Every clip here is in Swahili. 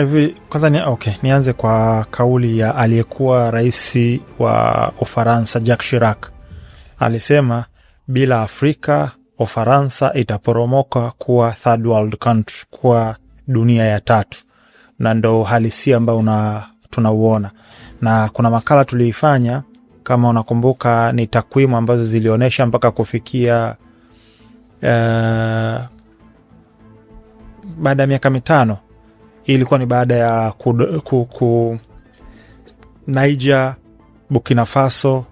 hivi kwanza ni, okay, nianze kwa kauli ya aliyekuwa rais wa Ufaransa Jacques Chirac. Alisema bila Afrika Ufaransa itaporomoka kuwa third world country, kuwa dunia ya tatu, na ndo halisia ambayo tunauona, na kuna makala tuliifanya, kama unakumbuka, ni takwimu ambazo zilionyesha mpaka kufikia uh, baada ya miaka mitano hii ilikuwa ni baada ya ku, ku, ku Niger, Burkina Faso,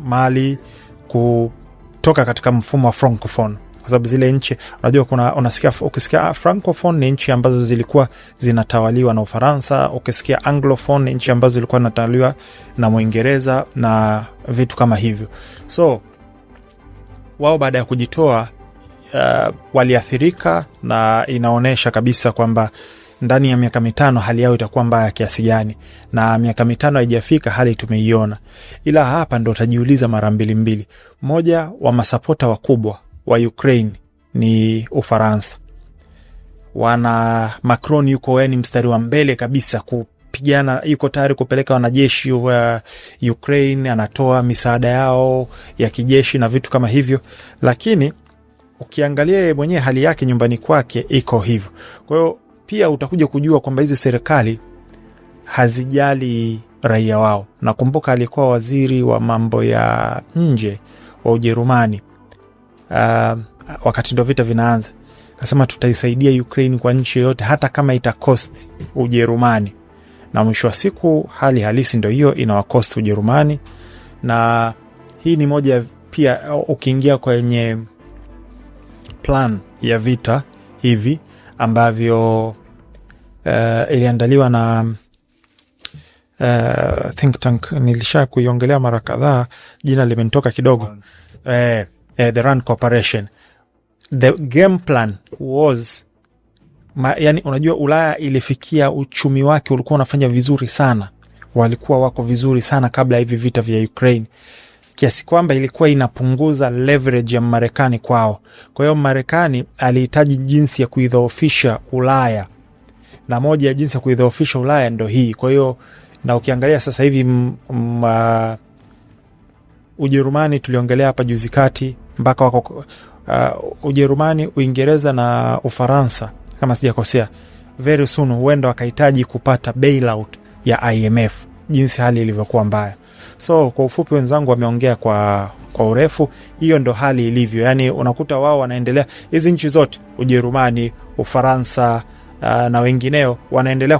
Mali kutoka katika mfumo wa francophone kwa sababu zile nchi unajua, kuna unasikia, ukisikia francophone ni nchi ambazo zilikuwa zinatawaliwa na Ufaransa. Ukisikia anglophone ni nchi ambazo zilikuwa zinatawaliwa na Mwingereza na vitu kama hivyo. So wao baada ya kujitoa uh, waliathirika na inaonyesha kabisa kwamba ndani ya miaka mitano hali yao itakuwa mbaya kiasi gani, na miaka mitano haijafika, hali tumeiona. Ila hapa ndo utajiuliza mara mbili mbili. Moja wa masapota wakubwa wa Ukraine ni Ufaransa, wana Macron yuko yani mstari wa mbele kabisa ku pigana yuko tayari kupeleka wanajeshi wa uh, Ukraine, anatoa misaada yao ya kijeshi na vitu kama hivyo, lakini ukiangalia mwenyewe hali yake nyumbani kwake iko hivyo. kwahiyo pia utakuja kujua kwamba hizi serikali hazijali raia wao. Nakumbuka alikuwa waziri wa mambo ya nje wa Ujerumani uh, wakati ndo vita vinaanza, kasema tutaisaidia Ukraine kwa nchi yoyote, hata kama itakost Ujerumani. Na mwisho wa siku hali halisi ndo hiyo, inawakost Ujerumani. Na hii ni moja pia, ukiingia kwenye plan ya vita hivi ambavyo uh, iliandaliwa na uh, think tank. Nilisha kuiongelea mara kadhaa, jina limenitoka kidogo uh, uh, the run Corporation. The game plan was ma, yani, unajua Ulaya ilifikia uchumi wake ulikuwa unafanya vizuri sana, walikuwa wako vizuri sana kabla ya hivi vita vya Ukraine kiasi kwamba ilikuwa inapunguza leverage ya Marekani kwao. Kwa hiyo Marekani alihitaji jinsi ya kuidhoofisha Ulaya, na moja ya jinsi ya kuidhoofisha Ulaya ndo hii. Kwa hiyo na ukiangalia sasa hivi m, m, uh, Ujerumani tuliongelea hapa juzi kati mpaka wako uh, Ujerumani, Uingereza na Ufaransa kama sijakosea, very soon huenda wakahitaji kupata bailout ya IMF jinsi hali ilivyokuwa mbaya. So kwa ufupi, wenzangu wameongea kwa kwa urefu. Hiyo ndo hali ilivyo, yani unakuta wao wanaendelea, hizi nchi zote Ujerumani, Ufaransa uh, na wengineo wanaendelea